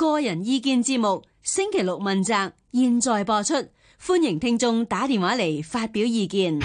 個人意見節目，星期六問責，現在播出，歡迎聽眾打電話嚟發表意見。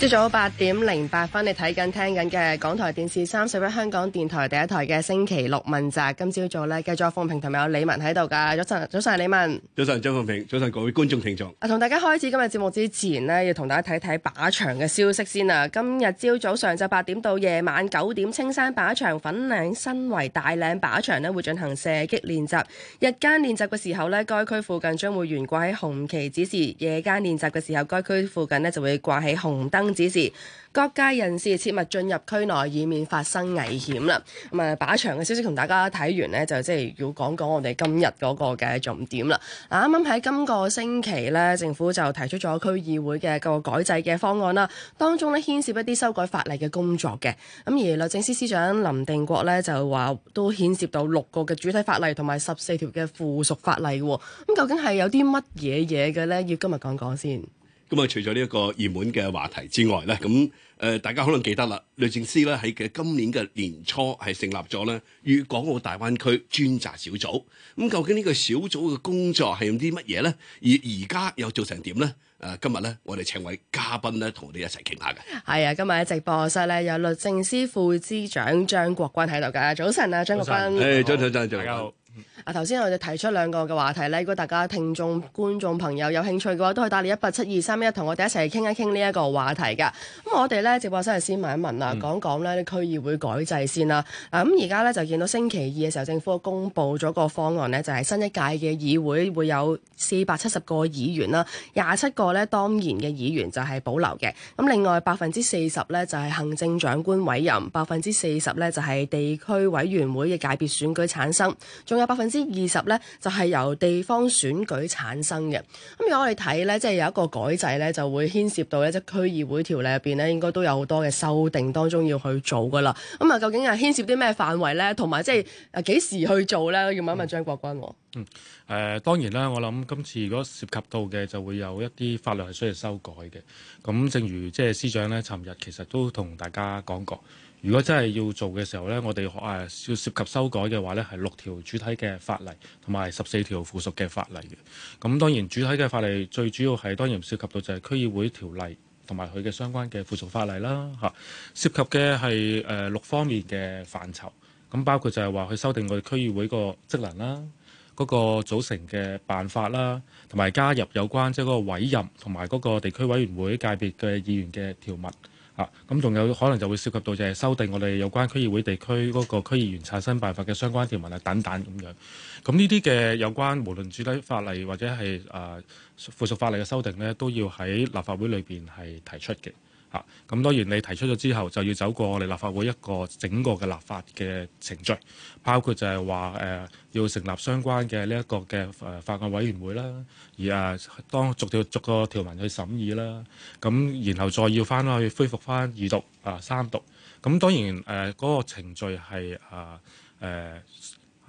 朝早八點零八分，你睇緊聽緊嘅港台電視三十一、香港電台第一台嘅星期六問責。今朝早咧，繼續鳳平同埋有李文喺度噶。早晨，早晨，李文。早晨，張鳳平。早晨，各位觀眾聽眾。眾聽眾啊，同大家開始今日節目之前呢，要同大家睇睇靶場嘅消息先啊。今日朝早上，上晝八點到夜晚九點，青山靶場、粉嶺新圍大嶺靶場呢會進行射擊練習。日間練習嘅時候呢，該區附近將會懸掛喺紅旗指示；夜間練習嘅時候，該區附近呢就會掛起紅燈。指示各界人士切勿進入區內，以免發生危險啦。咁啊，靶場嘅消息同大家睇完呢，就即係要講講我哋今日嗰個嘅重點啦。嗱，啱啱喺今個星期咧，政府就提出咗區議會嘅個改制嘅方案啦，當中咧牽涉一啲修改法例嘅工作嘅。咁而律政司司長林定國咧就話都牽涉到六個嘅主體法例同埋十四條嘅附屬法例嘅。咁究竟係有啲乜嘢嘢嘅咧？要今日講講先。咁啊，除咗呢一個熱門嘅話題之外咧，咁誒、呃，大家可能記得啦，律政司咧喺其實今年嘅年初係成立咗咧，粵港澳大灣區專責小組。咁究竟呢個小組嘅工作係用啲乜嘢咧？而而家又做成點咧？誒、呃，今日咧，我哋請位嘉賓咧，同我哋一齊傾下嘅。係啊，今日喺直播室咧，有律政司副司長張國鈞喺度㗎。早晨啊，張國鈞。誒上，早、早、早、早。啊！頭先我哋提出兩個嘅話題咧，如果大家聽眾、觀眾朋友有興趣嘅話，都可以打嚟一八七二三一，同我哋一齊傾一傾呢一個話題嘅。咁我哋咧直播室就先問一問啦，講講咧啲區議會改制先啦。咁而家咧就見到星期二嘅時候，政府公布咗個方案呢就係新一屆嘅議會會有四百七十個議員啦，廿七個咧當然嘅議員就係保留嘅。咁另外百分之四十咧就係行政長官委任，百分之四十咧就係地區委員會嘅界別選舉產生，仲有百分之二十咧，就係由地方選舉產生嘅。咁如果我哋睇咧，即係有一個改制咧，就會牽涉到咧，即係區議會條例入邊咧，應該都有好多嘅修訂當中要去做噶啦。咁，啊，究竟係牽涉啲咩範圍咧？同埋即係幾時去做咧？要，要問一問張國鈞、嗯。嗯，誒、呃，當然啦，我諗今次如果涉及到嘅，就會有一啲法律係需要修改嘅。咁正如即係司長咧，尋日其實都同大家講過。如果真係要做嘅時候呢，我哋誒要涉及修改嘅話呢，係六條主體嘅法例同埋十四條附屬嘅法例嘅。咁當然主體嘅法例最主要係當然涉及到就係區議會條例同埋佢嘅相關嘅附屬法例啦。嚇、啊，涉及嘅係誒六方面嘅範疇，咁包括就係話佢修訂我哋區議會個職能啦，嗰、嗰個組成嘅辦法啦，同埋加入有關即係嗰個委任同埋嗰個地區委員會界別嘅議員嘅條文。咁仲、嗯、有可能就會涉及到就係修訂我哋有關區議會地區嗰個區議員產生辦法嘅相關條文啊，等等咁樣。咁呢啲嘅有關無論主體法例或者係啊、呃、附屬法例嘅修訂呢，都要喺立法會裏邊係提出嘅。嚇，咁、啊、當然你提出咗之後，就要走過我哋立法會一個整個嘅立法嘅程序，包括就係話誒要成立相關嘅呢一個嘅誒法案委員會啦，而誒當逐條逐個條文去審議啦，咁、啊、然後再要返去恢復返二讀啊、三讀，咁、啊、當然誒嗰、呃那個程序係啊誒誒、呃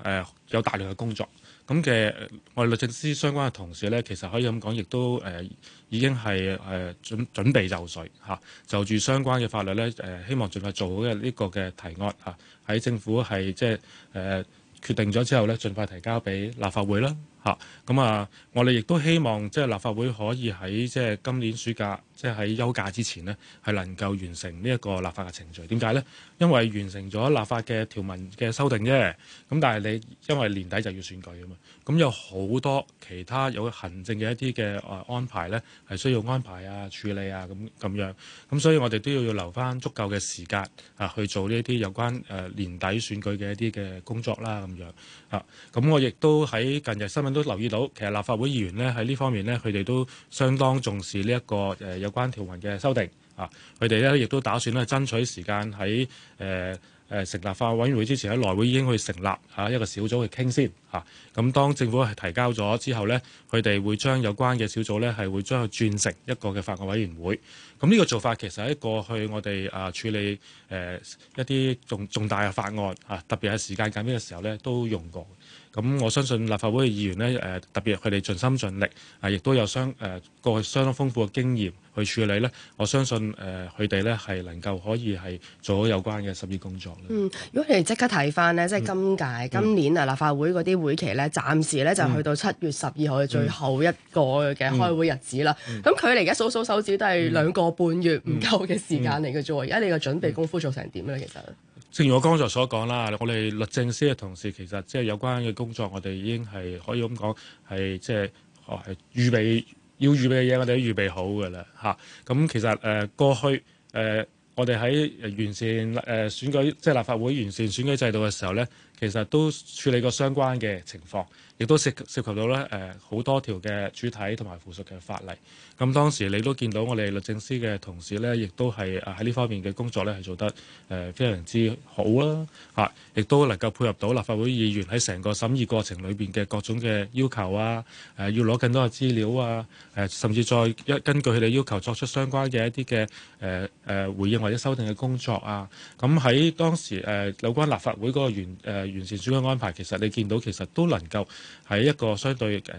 呃、有大量嘅工作。咁嘅我哋律政司相關嘅同事咧，其實可以咁講，亦都誒、呃、已經係誒準準備就緒嚇、啊，就住相關嘅法律咧誒、呃，希望盡快做好嘅呢個嘅提案嚇，喺、啊、政府係即係誒決定咗之後咧，盡快提交俾立法會啦嚇。咁啊、啊，我哋亦都希望即係立法會可以喺即係今年暑假。即係喺休假之前呢，係能夠完成呢一個立法嘅程序。點解呢？因為完成咗立法嘅條文嘅修訂啫。咁但係你因為年底就要選舉啊嘛，咁有好多其他有行政嘅一啲嘅誒安排呢，係需要安排啊、處理啊咁咁樣。咁所以我哋都要留翻足夠嘅時間啊，去做呢一啲有關誒、啊、年底選舉嘅一啲嘅工作啦咁樣啊。咁、嗯、我亦都喺近日新聞都留意到，其實立法會議員呢喺呢方面呢，佢哋都相當重視呢、這、一個誒、呃、有關條文嘅修訂啊，佢哋咧亦都打算咧爭取時間喺誒誒，成立法案委員會之前喺內會已經去成立嚇，啊、一個小組去傾先嚇。咁、啊啊、當政府係提交咗之後呢，佢哋會將有關嘅小組呢，係會將佢轉成一個嘅法案委員會。咁呢個做法其實喺過去我哋啊處理誒一啲重重大嘅法案啊，特別係時間緊張嘅時候咧，都用過。咁我相信立法會嘅議員咧誒，特別佢哋盡心盡力啊，亦都有相誒過去相當豐富嘅經驗去處理咧。我相信誒佢哋咧係能夠可以係做好有關嘅審議工作。嗯，如果你即刻睇翻呢，即係今屆、嗯、今年啊立法會嗰啲會期咧，暫、嗯、時咧就去到七月十二號嘅最後一個嘅開會日子啦。咁、嗯嗯嗯、距離而家數數手指都係兩個、嗯。嗯半月唔夠嘅時間嚟嘅啫，而家你嘅準備功夫做成點咧？其實、嗯、正如我剛才所講啦，我哋律政司嘅同事其實即係有關嘅工作，我哋已經係可以咁講、就是，係即係係預備要預備嘅嘢，我哋都預備好㗎啦嚇。咁、啊、其實誒、呃、過去誒、呃、我哋喺完善誒、呃、選舉，即係立法會完善選舉制度嘅時候咧。其實都處理過相關嘅情況，亦都涉涉及到咧誒好多條嘅主體同埋附屬嘅法例。咁當時你都見到我哋律政司嘅同事呢，亦都係喺呢方面嘅工作呢，係做得誒非常之好啦嚇，亦、啊、都能夠配合到立法會議員喺成個審議過程裏邊嘅各種嘅要求啊誒、啊、要攞更多嘅資料啊誒、啊、甚至再一根據佢哋要求作出相關嘅一啲嘅誒誒回應或者修訂嘅工作啊。咁喺當時誒有、啊、關立法會嗰個原誒。啊完善相關安排，其實你見到其實都能夠喺一個相對誒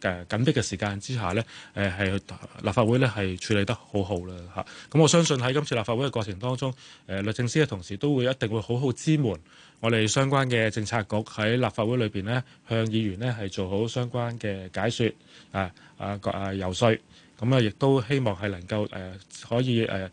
誒緊逼嘅時間之下咧，誒係立法會咧係處理得好好啦嚇。咁我相信喺今次立法會嘅過程當中，誒律政司嘅同事都會一定會好好支援我哋相關嘅政策局喺立法會裏邊咧，向議員咧係做好相關嘅解説啊啊啊游説。咁啊，亦都希望係能夠誒可以誒。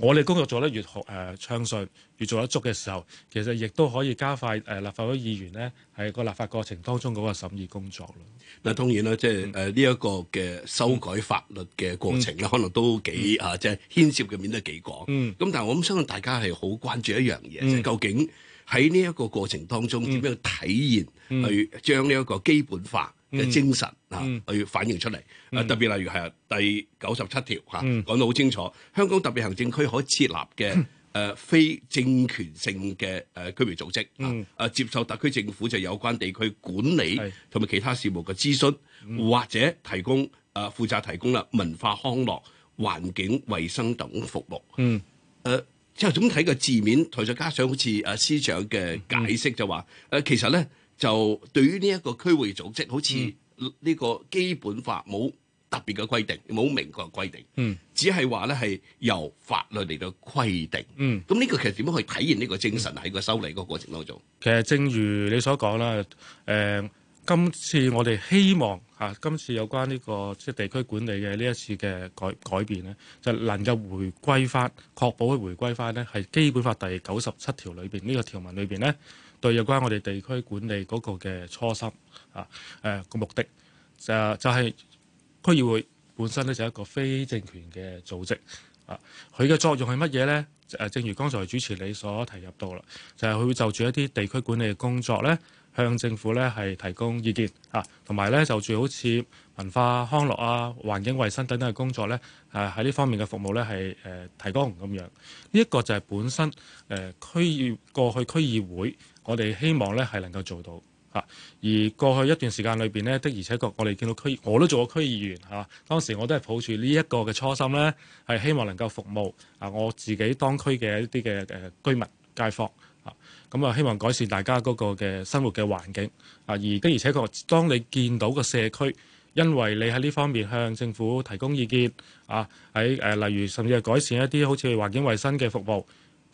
我哋工作做得越好誒暢順，越做得足嘅時候，其實亦都可以加快誒立法會議員咧喺個立法過程當中嗰個審議工作咯。嗱、嗯，當然啦，嗯、即係誒呢一個嘅修改法律嘅過程咧，嗯、可能都幾、嗯、啊，即係牽涉嘅面都幾廣。嗯，咁但係我諗相信大家係好關注一樣嘢，嗯、即係究竟喺呢一個過程當中點樣去體現、嗯嗯、去將呢一個基本法嘅精神啊，去、嗯、反映出嚟啊，嗯、特別例如係第九十七條嚇，講、嗯、得好清楚，香港特別行政區可設立嘅誒、嗯呃、非政權性嘅誒區域組織啊、呃，接受特區政府就有關地區管理同埋其他事務嘅諮詢，嗯、或者提供誒、呃、負責提供啦文化康樂、環境衛生等服務。嗯，誒即係總體嘅字面，再加上好似啊司長嘅解釋就話誒，嗯、其實咧。就對於呢一個區會組織，好似呢個基本法冇特別嘅規定，冇明確嘅規定，嗯，只係話咧係由法律嚟到規定，嗯，咁呢個其實點樣去體現呢個精神喺個修例個過程當中？其實正如你所講啦，誒、呃，今次我哋希望嚇、啊，今次有關呢、呢個即係地區管理嘅呢一次嘅改改變咧，就能夠回歸翻，確保佢回歸翻呢係基本法第九十七條裏邊呢個條文裏邊呢。對有關我哋地區管理嗰個嘅初心啊，誒個目的就就係區議會本身呢，就係一個非政權嘅組織啊。佢嘅作用係乜嘢呢？誒，正如剛才主持你所提及到啦，就係、是、佢會就住一啲地區管理嘅工作呢，向政府呢係提供意見啊，同埋呢，就住好似文化康樂啊、環境衞生等等嘅工作呢，誒喺呢方面嘅服務呢係誒提高咁樣。呢、這、一個就係本身誒、呃、區議過去區議會。我哋希望呢係能夠做到嚇，而過去一段時間裏邊呢，的而且確，我哋見到區我都做過區議員嚇，當時我都係抱住呢一個嘅初心呢，係希望能夠服務啊我自己當區嘅一啲嘅誒居民街坊嚇，咁啊希望改善大家嗰個嘅生活嘅環境啊，而的而且確，當你見到個社區，因為你喺呢方面向政府提供意見啊，喺誒例如甚至係改善一啲好似環境衞生嘅服務。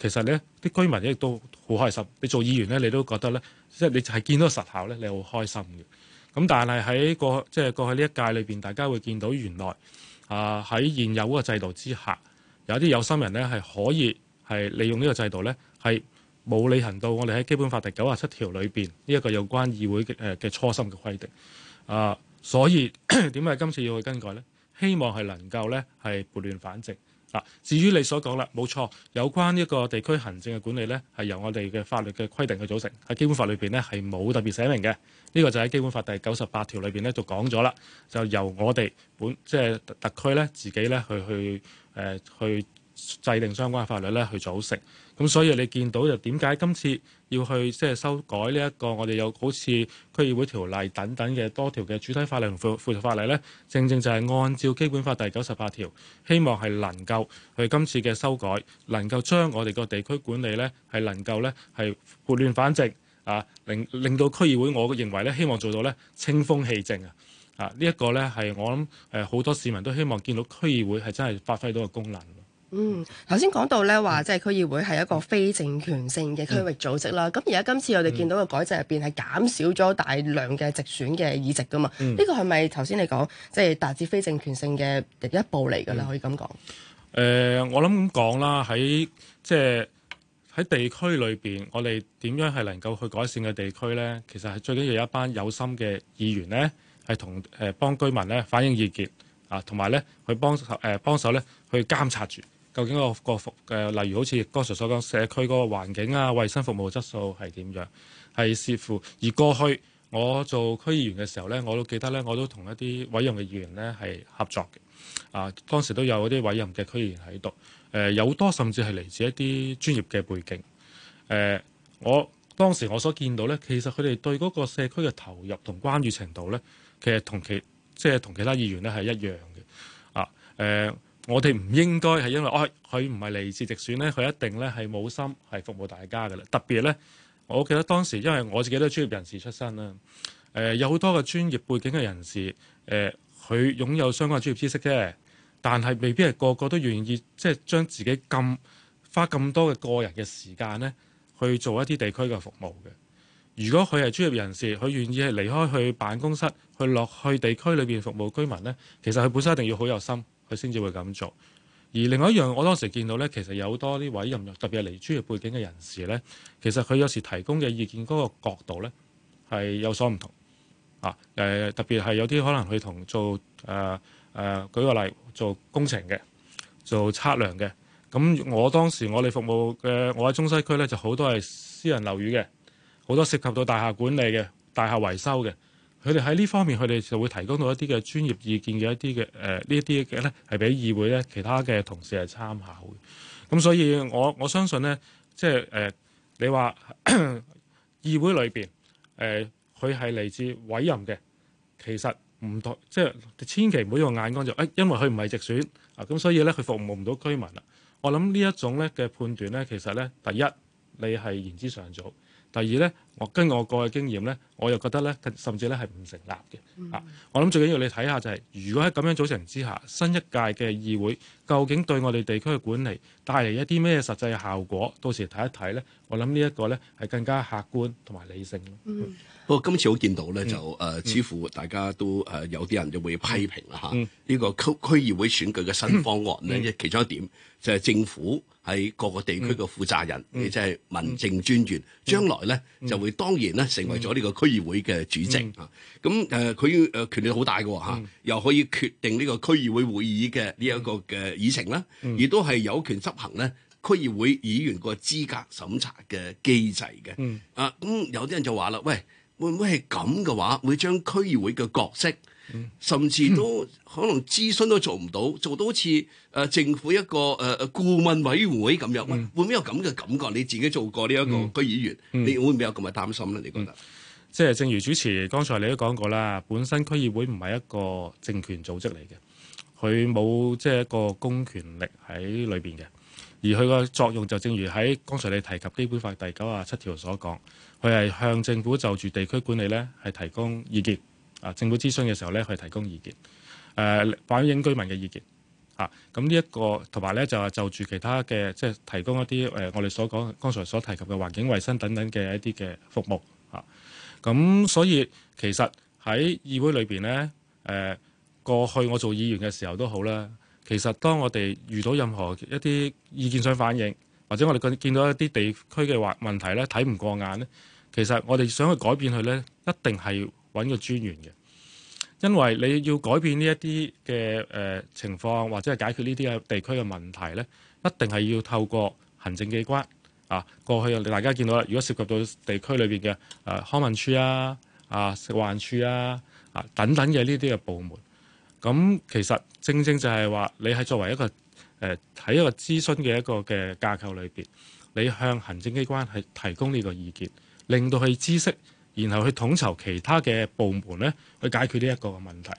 其實呢啲居民亦都好開心。你做議員呢，你都覺得呢，即係你係見到實效呢，你好開心嘅。咁但係喺過即係過去呢一屆裏邊，大家會見到原來啊喺、呃、現有嗰制度之下，有啲有心人呢係可以係利用呢個制度呢，係冇履行到我哋喺基本法第九十七條裏邊呢一個有關議會嘅、呃、初心嘅規定啊、呃。所以點解 今次要去更改呢？希望係能夠呢，係撥亂反正。至於你所講啦，冇錯，有關一個地區行政嘅管理呢，係由我哋嘅法律嘅規定去組成，喺基本法裏邊呢，係冇特別寫明嘅。呢個就喺、是、基本法第九十八條裏邊呢，就講咗啦，就由我哋本即係、就是、特區呢，自己呢去去誒、呃、去制定相關嘅法律呢去組成。咁所以你見到就點解今次要去即係修改呢一個我哋有好似區議會條例等等嘅多條嘅主體法例同附附屬法例咧，正正就係按照《基本法》第九十八條，希望係能夠去今次嘅修改，能夠將我哋個地區管理咧係能夠咧係撥亂反正啊，令令到區議會，我認為咧希望做到咧清風氣正啊！啊，呢一個咧係我諗誒好多市民都希望見到區議會係真係發揮到個功能。嗯，頭先講到咧，話即係區議會係一個非政權性嘅區域組織啦。咁、嗯、而家今次我哋見到嘅改制入邊係減少咗大量嘅直選嘅議席噶嘛？呢個係咪頭先你講即係達至非政權性嘅第一步嚟噶啦？嗯、可以咁講？誒、呃，我諗講啦，喺即係喺地區裏邊，我哋點樣係能夠去改善嘅地區咧？其實係最緊要有一班有心嘅議員咧，係同誒幫居民咧反映意見啊，同埋咧去幫手誒幫手咧去監察住。究竟個個服誒，例如好似剛才所講，社區嗰個環境啊、衞生服務質素係點樣？係視乎。而過去我做區議員嘅時候呢，我都記得呢，我都同一啲委任嘅議員呢係合作嘅。啊，當時都有嗰啲委任嘅區議員喺度。誒、呃，有多甚至係嚟自一啲專業嘅背景。誒、呃，我當時我所見到呢，其實佢哋對嗰個社區嘅投入同關注程度呢，其實同其即係同其他議員呢係一樣嘅。啊，誒、呃。我哋唔應該係因為，哦，佢唔係嚟自直選呢，佢一定呢係冇心係服務大家噶啦。特別呢，我記得當時，因為我自己都係專業人士出身啦，呃，有好多嘅專業背景嘅人士，佢、呃、擁有相關專業知識啫，但係未必係個個都願意即係將自己咁花咁多嘅個人嘅時間呢去做一啲地區嘅服務嘅。如果佢係專業人士，佢願意係離開去辦公室去落去地區裏邊服務居民呢，其實佢本身一定要好有心。佢先至會咁做，而另外一樣，我當時見到呢，其實有好多啲委任，特別係嚟專業背景嘅人士呢，其實佢有時提供嘅意見嗰個角度呢係有所唔同啊！誒、呃，特別係有啲可能佢同做誒誒、呃呃，舉個例，做工程嘅，做測量嘅，咁我當時我哋服務嘅，我喺中西區呢就好多係私人樓宇嘅，好多涉及到大廈管理嘅，大廈維修嘅。佢哋喺呢方面，佢哋就會提供到一啲嘅專業意見嘅一啲嘅誒呢一啲嘅咧，係俾議會咧，其他嘅同事係參考嘅。咁所以我，我我相信咧，即係誒、呃，你話 議會裏邊誒，佢係嚟自委任嘅，其實唔同，即係千祈唔好用眼光就誒，因為佢唔係直選啊，咁所以咧，佢服務唔到居民啦。我諗呢一種咧嘅判斷咧，其實咧，第一你係言之尚早，第二咧。我根據我個嘅經驗咧，我又覺得咧，甚至咧係唔成立嘅啊！我諗最緊要你睇下就係、是，如果喺咁樣組成之下，新一屆嘅議會究竟對我哋地區嘅管理帶嚟一啲咩實際嘅效果？到時睇一睇咧，我諗呢一個咧係更加客觀同埋理性。嗯嗯、不過今次我見到咧就誒、呃，似乎大家都誒有啲人就會批評啦嚇。呢個區區議會選舉嘅新方案咧，嗯嗯嗯、其中一點就係政府喺各個地區嘅負責人，亦即係民政專員，將來咧就。會當然咧成為咗呢個區議會嘅主席、嗯、啊，咁誒佢誒權力好大㗎吓，啊嗯、又可以決定呢個區議會會議嘅呢一個嘅議程啦，亦、啊、都係有權執行咧區議會議員個資格審查嘅機制嘅。嗯、啊，咁、嗯、有啲人就話啦，喂。會唔會係咁嘅話，會將區議會嘅角色，嗯、甚至都可能諮詢都做唔到，做到好似誒政府一個誒、呃、顧問委員會咁樣？嗯、會唔會有咁嘅感覺？你自己做過呢一個區議員，嗯、你會唔會有咁嘅擔心咧？你覺得？即係、嗯就是、正如主持剛才你都講過啦，本身區議會唔係一個政權組織嚟嘅，佢冇即係一個公權力喺裏邊嘅，而佢個作用就正如喺剛才你提及《基本法》第九啊七條所講。佢係向政府就住地區管理呢係提供意見啊！政府諮詢嘅時候呢係提供意見，誒、啊、反映居民嘅意見咁呢一個同埋呢，就係、是、就住其他嘅，即係提供一啲誒、呃、我哋所講剛才所提及嘅環境衞生等等嘅一啲嘅服務嚇。咁、啊、所以其實喺議會裏邊呢，誒、啊、過去我做議員嘅時候都好啦。其實當我哋遇到任何一啲意見上反映，或者我哋見到一啲地區嘅話問題呢，睇唔過眼咧。其實我哋想去改變佢呢，一定係揾個專員嘅，因為你要改變呢一啲嘅誒情況，或者係解決呢啲嘅地區嘅問題呢，一定係要透過行政機關啊。過去大家見到啦，如果涉及到地區裏邊嘅誒康文署啊、啊食環署啊、啊等等嘅呢啲嘅部門，咁、啊、其實正正就係話你係作為一個誒喺、呃、一個諮詢嘅一個嘅架構裏邊，你向行政機關係提供呢個意見。令到佢知悉，然後去統籌其他嘅部門咧，去解決呢一個嘅問題。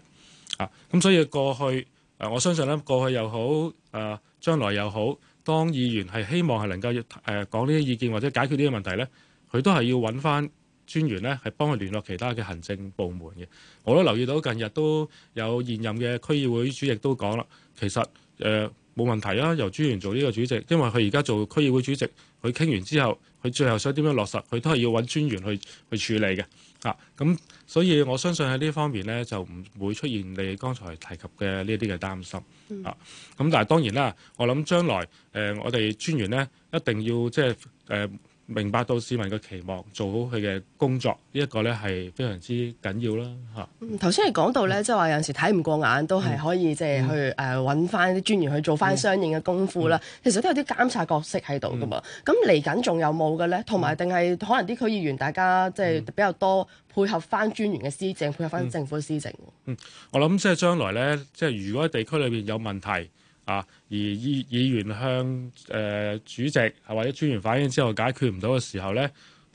啊，咁所以過去誒、呃，我相信呢過去又好，誒、呃，將來又好，當議員係希望係能夠誒講呢啲意見或者解決呢啲問題呢，佢都係要揾翻專員呢，係幫佢聯絡其他嘅行政部門嘅。我都留意到近日都有現任嘅區議會主席都講啦，其實誒冇、呃、問題啊，由專員做呢個主席，因為佢而家做區議會主席，佢傾完之後。佢最後想點樣落實，佢都係要搵專員去去處理嘅，嚇、啊、咁，所以我相信喺呢方面呢，就唔會出現你剛才提及嘅呢啲嘅擔心，啊，咁但係當然啦，我諗將來誒、呃、我哋專員呢，一定要即係誒。呃明白到市民嘅期望，做好佢嘅工作，呢、這、一個咧係非常之緊要啦，嚇、嗯。頭先你講到咧，即係話有陣時睇唔過眼，都係可以即係、嗯、去誒搵翻啲專員去做翻相應嘅功夫啦。嗯嗯、其實都有啲監察角色喺度噶嘛。咁嚟緊仲有冇嘅咧？同埋定係可能啲區議員大家即係、就是、比較多配合翻專員嘅施政，配合翻政府嘅施政嗯。嗯，我諗即係將來咧，即係如果地區裏邊有問題。啊！而議議員向誒、呃、主席或者專員反映之後解決唔到嘅時候呢，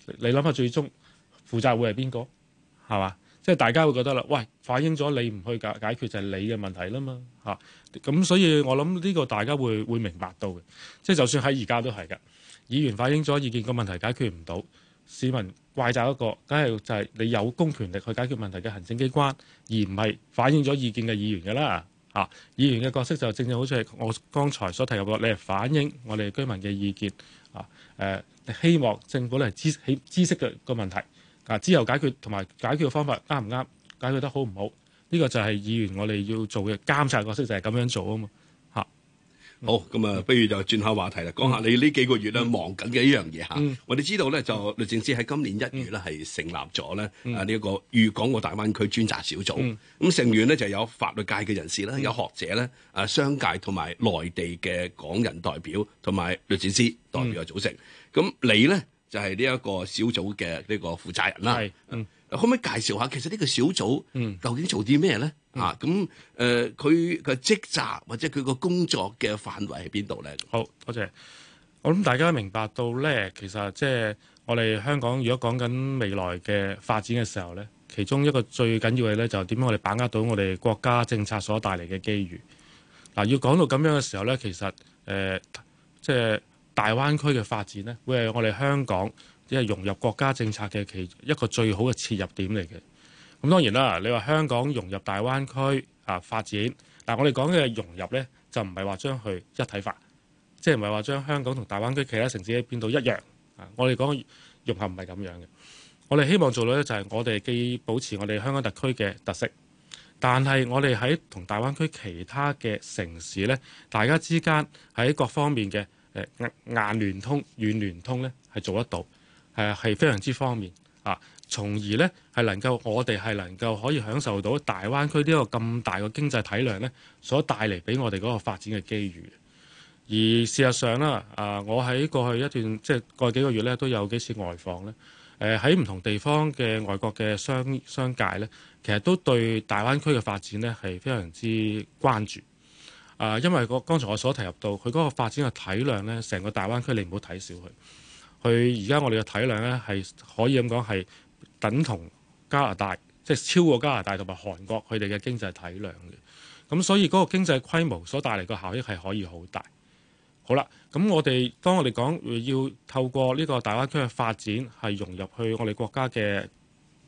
你諗下最終負責會係邊個？係嘛？即係大家會覺得啦，喂！反映咗你唔去解解決就係你嘅問題啦嘛？嚇、啊！咁所以我諗呢個大家會會明白到嘅，即係就算喺而家都係㗎。議員反映咗意見個問題解決唔到，市民怪責一個，梗係就係你有公權力去解決問題嘅行政機關，而唔係反映咗意見嘅議員噶啦。啊！議員嘅角色就正正好似係我剛才所提及過，你係反映我哋居民嘅意見啊。誒、呃，希望政府咧係知起知識嘅個問題啊，之後解決同埋解決嘅方法啱唔啱，解決得好唔好？呢、這個就係議員我哋要做嘅監察角色，就係咁樣做啊嘛。好，咁啊，不如就轉下話題啦，講下你呢幾個月咧忙緊嘅一樣嘢吓。嗯、我哋知道咧，就律政司喺今年一月咧係、嗯、成立咗咧、嗯、啊呢一、這個粵港澳大灣區專責小組。咁、嗯、成員咧就有法律界嘅人士咧，嗯、有學者咧，啊商界同埋內地嘅港人代表同埋律政司代表嘅組成。咁、嗯、你咧就係呢一個小組嘅呢個負責人啦。係，嗯、可唔可以介紹下，其實呢個小組究竟做啲咩咧？嗯啊，咁誒，佢嘅職責或者佢個工作嘅範圍喺邊度呢？好，多謝。我諗大家明白到呢，其實即係我哋香港，如果講緊未來嘅發展嘅時候呢，其中一個最緊要嘅呢，就點樣我哋把握到我哋國家政策所帶嚟嘅機遇。嗱、啊，要講到咁樣嘅時候呢，其實誒，即係大灣區嘅發展呢，會係我哋香港即係融入國家政策嘅其中一個最好嘅切入點嚟嘅。咁當然啦，你話香港融入大灣區啊發展，但我哋講嘅融入呢，就唔係話將佢一體化，即係唔係話將香港同大灣區其他城市變到一樣啊！我哋講融合唔係咁樣嘅，我哋希望做到呢，就係我哋既保持我哋香港特區嘅特色，但係我哋喺同大灣區其他嘅城市呢，大家之間喺各方面嘅誒硬聯通、軟聯通呢，係做得到，誒、啊、係非常之方便啊！從而呢，係能夠我哋係能夠可以享受到大灣區呢個咁大嘅經濟體量呢，所帶嚟俾我哋嗰個發展嘅機遇。而事實上啦，啊、呃，我喺過去一段即係過去幾個月呢，都有幾次外訪呢。誒、呃，喺唔同地方嘅外國嘅商商界呢，其實都對大灣區嘅發展呢係非常之關注。啊、呃，因為個剛才我所提及到佢嗰個發展嘅體量呢，成個大灣區你唔好睇少佢。佢而家我哋嘅體量呢，係可以咁講係。等同加拿大，即係超過加拿大同埋韓國佢哋嘅經濟體量嘅。咁所以嗰個經濟規模所帶嚟嘅效益係可以好大。好啦，咁我哋當我哋講要透過呢個大灣區嘅發展係融入去我哋國家嘅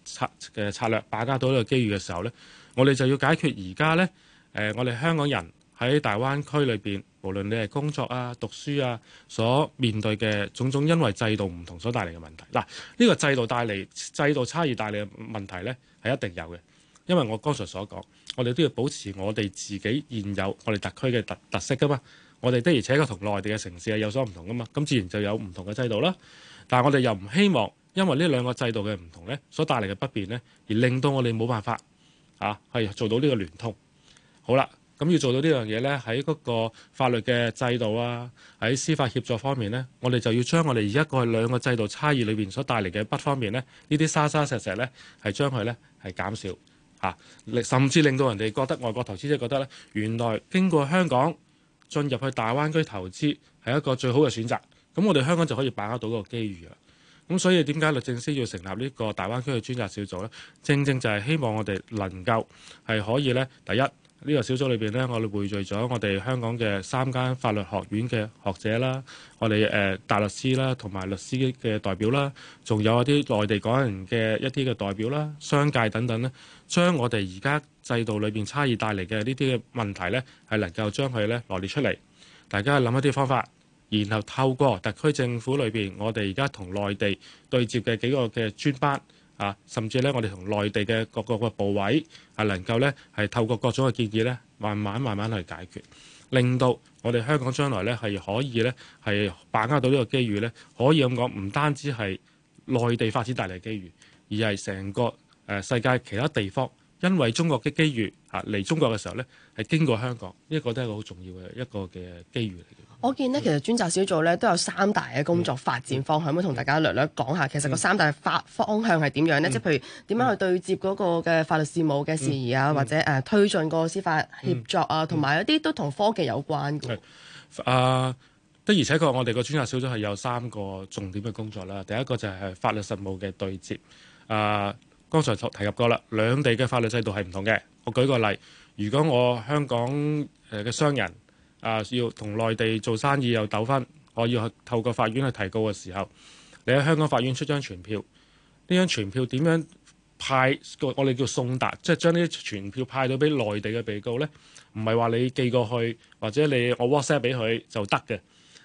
策嘅策略，把握到呢個機遇嘅時候咧，我哋就要解決而家咧，誒、呃、我哋香港人。喺大灣區裏邊，無論你係工作啊、讀書啊，所面對嘅種種，因為制度唔同所帶嚟嘅問題，嗱，呢個制度帶嚟、制度差異帶嚟嘅問題呢，係一定有嘅。因為我剛才所講，我哋都要保持我哋自己現有我哋特區嘅特特色噶嘛，我哋的而且確同內地嘅城市係有所唔同噶嘛，咁自然就有唔同嘅制度啦。但係我哋又唔希望，因為呢兩個制度嘅唔同呢，所帶嚟嘅不便呢，而令到我哋冇辦法啊，係做到呢個聯通。好啦。咁要做到呢樣嘢呢，喺嗰個法律嘅制度啊，喺司法協助方面呢，我哋就要將我哋而家個兩個制度差異裏邊所帶嚟嘅不方便呢，呢啲沙沙石石，石呢，係將佢呢，係減少嚇，啊，甚至令到人哋覺得，外國投資者覺得呢，原來經過香港進入去大灣區投資係一個最好嘅選擇。咁我哋香港就可以把握到嗰個機遇啦。咁所以點解律政司要成立呢個大灣區嘅專責小組呢？正正就係希望我哋能夠係可以呢，第一。呢個小組裏邊呢，我哋匯聚咗我哋香港嘅三間法律學院嘅學者啦，我哋誒大律師啦，同埋律師嘅代表啦，仲有一啲內地港人嘅一啲嘅代表啦，商界等等呢，將我哋而家制度裏邊差異帶嚟嘅呢啲嘅問題呢，係能夠將佢呢羅列出嚟，大家諗一啲方法，然後透過特區政府裏邊，我哋而家同內地對接嘅幾個嘅專班。啊，甚至咧，我哋同內地嘅各個個部委啊，能夠咧係透過各種嘅建議咧，慢慢慢慢去解決，令到我哋香港將來咧係可以咧係把握到呢個機遇咧。可以咁講，唔單止係內地發展帶嚟嘅機遇，而係成個誒世界其他地方因為中國嘅機遇嚇嚟中國嘅時候咧，係經過香港，呢一個都係一個好重要嘅一個嘅機遇嚟嘅。我見呢，其實專責小組呢都有三大嘅工作發展方向，咁同、嗯、大家略略講下。其實個三大法方向係點樣呢？嗯、即係譬如點樣去對接嗰個嘅法律事務嘅事宜啊，嗯嗯、或者誒、呃、推進個司法協作啊，同埋、嗯、一啲都同科技有關嘅。啊，的而且確，我哋個專責小組係有三個重點嘅工作啦。第一個就係法律事務嘅對接。啊，剛才提及過啦，兩地嘅法律制度係唔同嘅。我舉個例，如果我香港誒嘅商人。啊！要同內地做生意又糾紛，我要透過法院去提告嘅時候，你喺香港法院出張傳票，呢張傳票點樣派個我哋叫送達，即係將呢啲傳票派到俾內地嘅被告呢？唔係話你寄過去或者你我 WhatsApp 俾佢就得嘅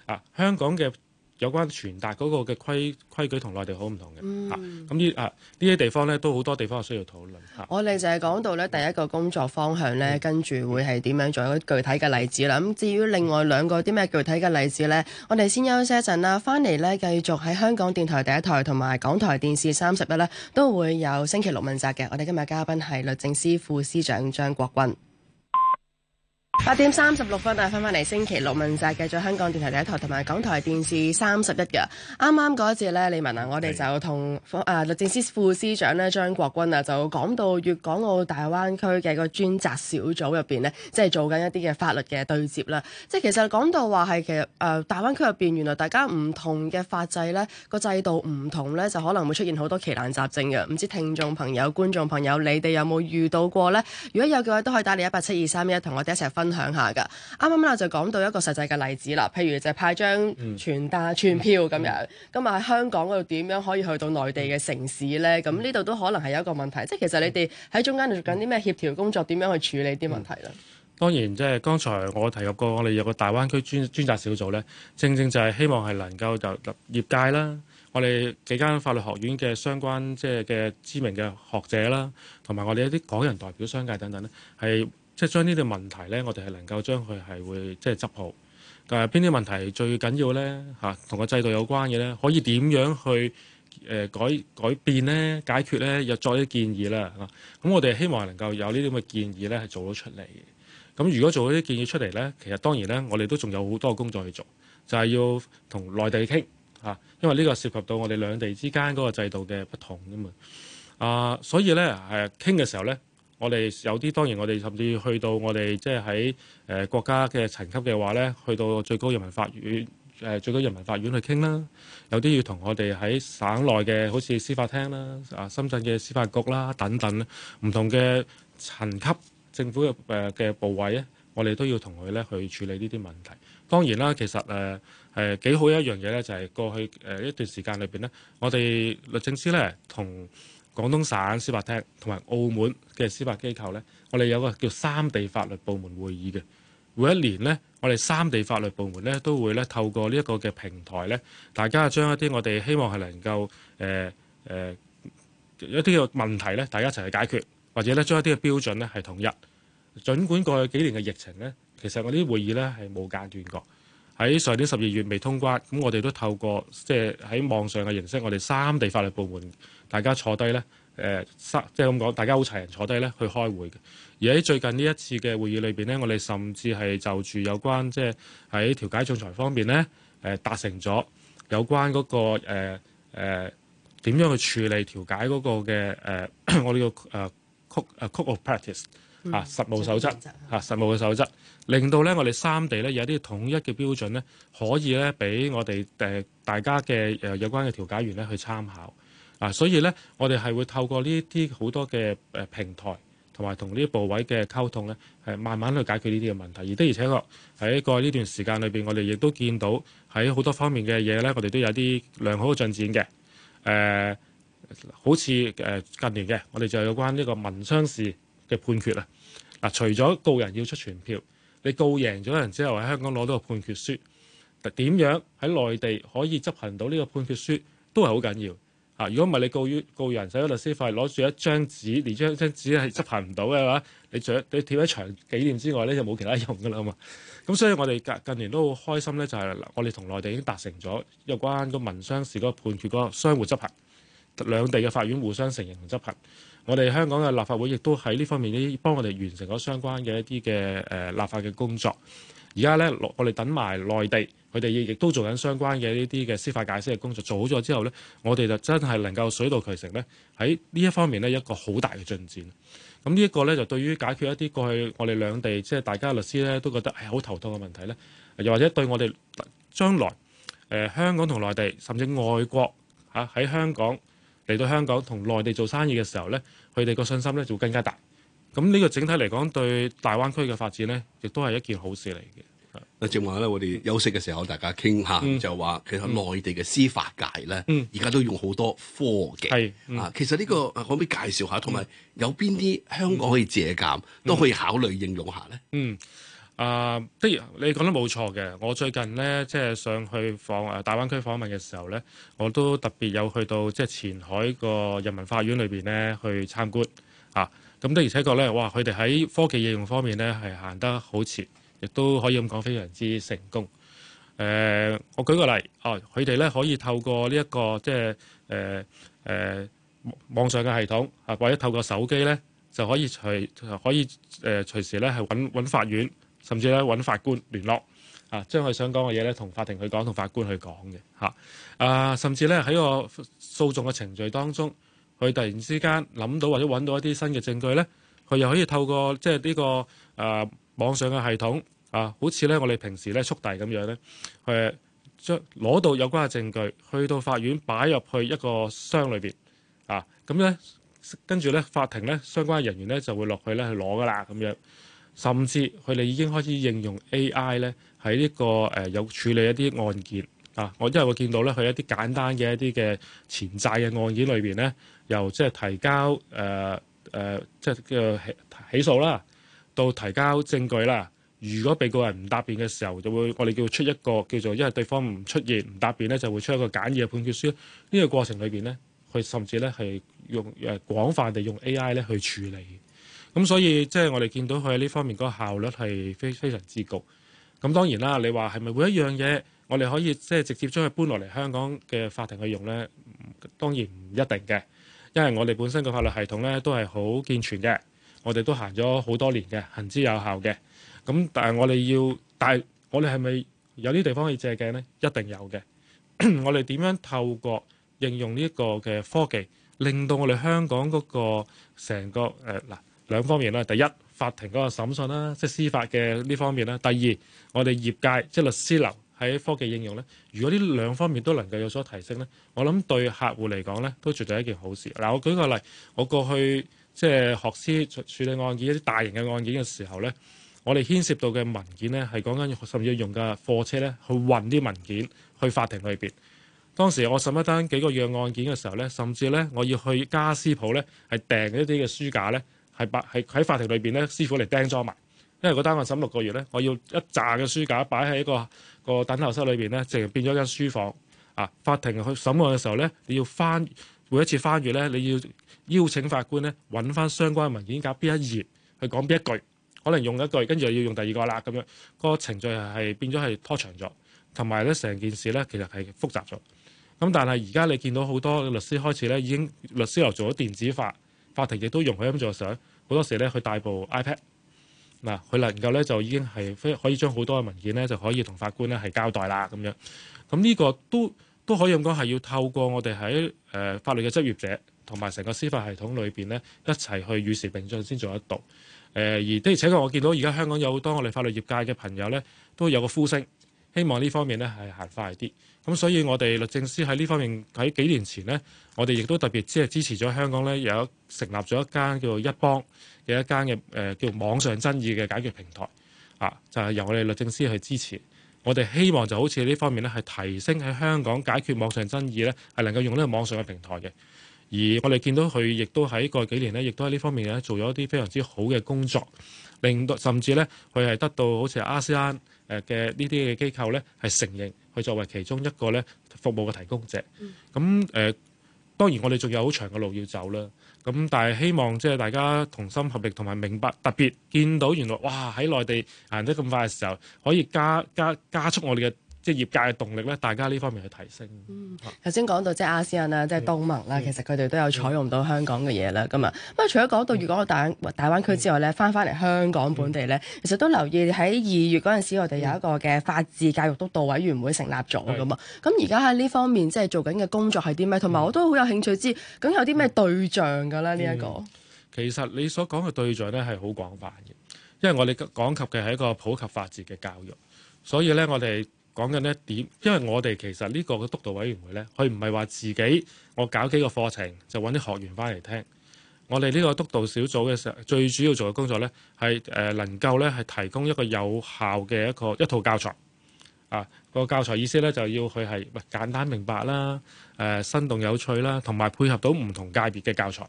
啊！香港嘅。有關傳達嗰個嘅規規矩同內地好唔同嘅嚇，咁呢、嗯、啊呢啲地方咧都好多地方需要討論嚇。啊、我哋就係講到咧第一個工作方向咧，嗯、跟住會係點樣做一個具體嘅例子啦。咁至於另外兩個啲咩具體嘅例子咧，我哋先休息一陣啦。翻嚟咧，繼續喺香港電台第一台同埋港台電視三十一咧，都會有星期六問責嘅。我哋今日嘉賓係律政司副司長張國鈞。八點三十六分啊，翻返嚟，星期六問晒，繼續香港電台第一台同埋港台電視三十一嘅。啱啱嗰一節咧，李文啊，我哋就同的、啊、律政司副司長咧張國鈞啊，就講到粵港澳大灣區嘅個專責小組入邊呢，即係做緊一啲嘅法律嘅對接啦。即係其實講到話係其實誒、呃、大灣區入邊，原來大家唔同嘅法制呢個制度唔同呢，就可能會出現好多奇難雜症嘅。唔知聽眾朋友、觀眾朋友，你哋有冇遇到過呢？如果有嘅話，都可以打嚟一八七二三一同我哋一齊分。分享下噶，啱啱啦就講到一個實際嘅例子啦，譬如就派張傳單、傳票咁樣，咁啊喺香港嗰度點樣可以去到內地嘅城市咧？咁呢度都可能係有一個問題，嗯、即係其實你哋喺中間做緊啲咩協調工作，點樣、嗯、去處理啲問題咧？當然，即、就、係、是、剛才我提及過，我哋有個大灣區專專責小組咧，正正就係希望係能夠就入業界啦，我哋幾間法律學院嘅相關即係嘅知名嘅學者啦，同埋我哋一啲港人代表、商界等等咧，係。即係將呢啲問題呢，我哋係能夠將佢係會即係執好。但係邊啲問題最緊要呢？嚇、啊，同個制度有關嘅呢，可以點樣去誒、呃、改改變呢？解決呢？又再啲建議啦，咁我哋希望能夠有呢啲咁嘅建議呢，係、啊、做咗出嚟。咁如果做咗啲建議出嚟呢，其實當然呢，我哋都仲有好多工作去做，就係、是、要同內地傾嚇、啊，因為呢個涉及到我哋兩地之間嗰個制度嘅不同噶嘛。啊，所以呢，係傾嘅時候呢。我哋有啲，當然我哋甚至去到我哋即係喺誒國家嘅層級嘅話呢，去到最高人民法院誒、呃、最高人民法院去傾啦。有啲要同我哋喺省內嘅好似司法廳啦、啊深圳嘅司法局啦、啊、等等，唔同嘅層級政府嘅、呃、部位呢，我哋都要同佢呢去處理呢啲問題。當然啦，其實誒誒幾好一樣嘢呢，就係、是、過去誒、呃、一段時間裏邊呢，我哋律政司呢同。廣東省司法廳同埋澳門嘅司法機構呢，我哋有個叫三地法律部門會議嘅，每一年呢，我哋三地法律部門呢都會呢透過呢一個嘅平台呢，大家將一啲我哋希望係能夠誒誒、呃呃、一啲嘅問題呢，大家一齊去解決，或者呢將一啲嘅標準呢係統一。儘管過去幾年嘅疫情呢，其實我啲會議呢係冇間斷過。喺上年十二月未通關，咁我哋都透過即係喺網上嘅形式，我哋三地法律部門大家坐低咧，誒、呃、即係咁講，大家好齊人坐低咧去開會嘅。而喺最近呢一次嘅會議裏邊呢，我哋甚至係就住有關即係喺調解仲裁方面咧，誒、呃、達成咗有關嗰、嗰個誒誒點樣去處理調解嗰個嘅誒、呃，我呢個誒曲誒 Code of Practice。啊，實務守則，啊、嗯，實務嘅守則，令到咧我哋三地咧有一啲統一嘅標準咧，可以咧俾我哋誒大家嘅有關嘅調解員咧去參考。啊，所以咧我哋係會透過呢啲好多嘅誒平台，同埋同呢啲部委嘅溝通咧，係慢慢去解決呢啲嘅問題。而的而且確喺過去呢段時間裏邊，我哋亦都見到喺好多方面嘅嘢咧，我哋都有啲良好嘅進展嘅。誒、呃，好似誒近年嘅，我哋就有關呢個民商事嘅判決啦，嗱，除咗告人要出全票，你告贏咗人之後喺香港攞到個判決書，點樣喺內地可以執行到呢個判決書都係好緊要嚇。如果唔係你告於告人，使咗律師費，攞住一張紙，連張張紙係執行唔到嘅話，你著你貼喺牆紀念之外咧，就冇其他用噶啦嘛。咁所以我哋近年都好開心咧，就係、是、我哋同內地已經達成咗有關個民商事個判決個相互執行。兩地嘅法院互相承認同執行，我哋香港嘅立法會亦都喺呢方面呢，幫我哋完成咗相關嘅一啲嘅誒立法嘅工作。而家呢，我哋等埋內地，佢哋亦都做緊相關嘅呢啲嘅司法解釋嘅工作做好咗之後呢，我哋就真係能夠水到渠成呢，喺呢一方面呢，一個好大嘅進展。咁呢一個呢，就對於解決一啲過去我哋兩地即係大家律師呢，都覺得係好頭痛嘅問題呢，又或者對我哋將來誒、呃、香港同內地甚至外國嚇喺、啊、香港。嚟到香港同內地做生意嘅時候呢，佢哋個信心呢就會更加大。咁呢個整體嚟講，對大灣區嘅發展呢亦都係一件好事嚟嘅。正話呢，我哋休息嘅時候，嗯、大家傾下、嗯、就話其實內地嘅司法界呢，而家、嗯、都用好多科技、嗯、啊。其實呢、呢個可唔可以介紹下？同埋、嗯、有邊啲香港可以借鑑，都可以考慮應用下呢？嗯。嗯嗯啊！Uh, 的，你講得冇錯嘅。我最近呢，即、就、係、是、上去訪誒、呃、大灣區訪問嘅時候呢，我都特別有去到即係前海個人民法院裏邊呢去參觀啊，咁的而且確呢，哇！佢哋喺科技應用方面呢係行得好前，亦都可以咁講非常之成功。誒、呃，我舉個例哦，佢、啊、哋呢可以透過呢、這、一個即係誒誒網上嘅系統啊，或者透過手機呢，就可以隨可以誒隨時呢係揾揾法院。甚至咧揾法官聯絡啊，將佢想講嘅嘢咧，同法庭去講，同法官去講嘅嚇啊，甚至咧喺個訴訟嘅程序當中，佢突然之間諗到或者揾到一啲新嘅證據咧，佢又可以透過即係呢個誒網上嘅系統啊，好似咧我哋平時咧速遞咁樣咧，去將攞到有關嘅證據去到法院擺入去一個箱裏邊啊，咁咧跟住咧法庭咧相關嘅人員咧就會落去咧去攞噶啦咁樣。甚至佢哋已經開始應用 AI 呢、這個，喺呢個誒有處理一啲案件啊！我因為我會見到呢，佢一啲簡單嘅一啲嘅錢債嘅案件裏邊呢，由即係提交誒誒，即、呃、係、呃就是、叫起訴啦，到提交證據啦。如果被告人唔答辯嘅時候，就會我哋叫出一個叫做因為對方唔出現唔答辯呢，就會出一個簡易嘅判決書。呢、這個過程裏邊呢，佢甚至呢係用誒廣、呃、泛地用 AI 呢去處理。咁、嗯、所以即係我哋見到佢喺呢方面個效率係非非常之高。咁當然啦，你話係咪每一樣嘢我哋可以即係直接將佢搬落嚟香港嘅法庭去用咧？當然唔一定嘅，因為我哋本身個法律系統咧都係好健全嘅，我哋都行咗好多年嘅，行之有效嘅。咁但係我哋要，但係我哋係咪有啲地方可以借鏡咧？一定有嘅。 我哋點樣透過應用呢一個嘅科技，令到我哋香港嗰個成個誒嗱？呃兩方面啦，第一法庭嗰個審訊啦，即係司法嘅呢方面啦；第二我哋業界即係律師樓喺科技應用咧。如果呢兩方面都能夠有所提升咧，我諗對客戶嚟講咧都絕對係一件好事嗱。我舉個例，我過去即係學師處理案件，一啲大型嘅案件嘅時候咧，我哋牽涉到嘅文件咧係講緊，甚至要用嘅貨車咧去運啲文件去法庭裏邊。當時我審一單幾個月案件嘅時候咧，甚至咧我要去家私鋪咧係訂一啲嘅書架咧。係白係喺法庭裏邊咧，師傅嚟釘裝埋，因為個單案審六個月咧，我要一揸嘅書架擺喺個一個等候室裏邊咧，淨係變咗間書房啊！法庭去審案嘅時候咧，你要翻每一次翻頁咧，你要邀請法官咧，揾翻相關嘅文件夾邊一頁去講邊一句，可能用一句，跟住又要用第二個啦咁樣，個程序係變咗係拖長咗，同埋咧成件事咧其實係複雜咗。咁但係而家你見到好多律師開始咧，已經律師樓做咗電子化。法庭亦都容許咁做嘅，好多時咧去帶部 iPad，嗱佢能夠咧就已經係非可以將好多嘅文件咧就可以同法官咧係交代啦咁樣。咁呢個都都可以咁講，係要透過我哋喺誒法律嘅執業者同埋成個司法系統裏邊咧一齊去與時並進先做得到。誒、呃、而的而且確，我見到而家香港有好多我哋法律業界嘅朋友咧都有個呼聲，希望呢方面咧係行快啲。咁所以，我哋律政司喺呢方面喺幾年前呢，我哋亦都特別即係支持咗香港呢，有成立咗一間叫做一邦嘅一間嘅誒叫做網上爭議嘅解決平台啊，就係、是、由我哋律政司去支持。我哋希望就好似呢方面呢，係提升喺香港解決網上爭議呢，係能夠用呢個網上嘅平台嘅。而我哋見到佢亦都喺過去幾年呢，亦都喺呢方面呢做咗一啲非常之好嘅工作，令到甚至呢，佢係得到好似亞細安啊。誒嘅、呃、呢啲嘅機構咧，係承認佢作為其中一個咧服務嘅提供者。咁誒、嗯嗯呃，當然我哋仲有好長嘅路要走啦。咁、嗯、但係希望即係大家同心合力，同埋明白，特別見到原來哇喺內地行得咁快嘅時候，可以加加加速我哋嘅。即係業界嘅動力咧，大家呢方面去提升。頭先講到即係亞細安啦，即係東盟啦，其實佢哋都有採用到香港嘅嘢啦，咁啊。咁啊，除咗講到粵港大灣大灣區之外咧，翻翻嚟香港本地咧，其實都留意喺二月嗰陣時，我哋有一個嘅法治教育督導委員會成立咗㗎嘛。咁而家喺呢方面即係做緊嘅工作係啲咩？同埋我都好有興趣知，咁有啲咩對象㗎啦。呢一個其實你所講嘅對象咧係好廣泛嘅，因為我哋講及嘅係一個普及法治嘅教育，所以咧我哋。講緊呢點，因為我哋其實呢個督導委員會呢，佢唔係話自己我搞幾個課程就揾啲學員翻嚟聽。我哋呢個督導小組嘅時候，最主要做嘅工作呢，係誒能夠呢，係提供一個有效嘅一個一套教材啊。這個教材意思呢，就要佢係喂簡單明白啦，誒、啊、生動有趣啦，同埋配合到唔同界別嘅教材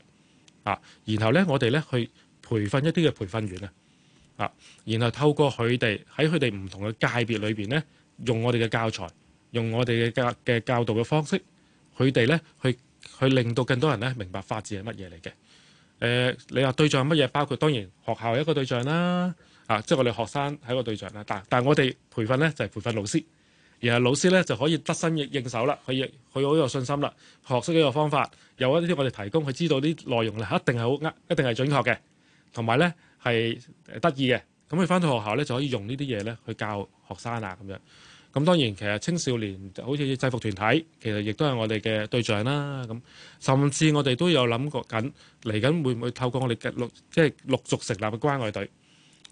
啊。然後呢，我哋呢，去培訓一啲嘅培訓員啊，然後透過佢哋喺佢哋唔同嘅界別裏邊呢。用我哋嘅教材，用我哋嘅教嘅教導嘅方式，佢哋呢去去令到更多人呢明白法治係乜嘢嚟嘅。誒、呃，你話對象係乜嘢？包括當然學校一個對象啦，啊，即係我哋學生係一個對象啦。但係我哋培訓呢就係、是、培訓老師，然後老師呢就可以得心應手啦，佢以佢好有信心啦，學識呢個方法，有一啲我哋提供，佢知道啲內容呢一定係好啱，一定係準確嘅，同埋呢係得意嘅。咁佢翻到學校呢，就可以用呢啲嘢呢去教學生啊咁樣。咁當然，其實青少年好似制服團體，其實亦都係我哋嘅對象啦。咁，甚至我哋都有諗過緊，嚟緊會唔會透過我哋嘅陸，即係陸續成立嘅關愛隊，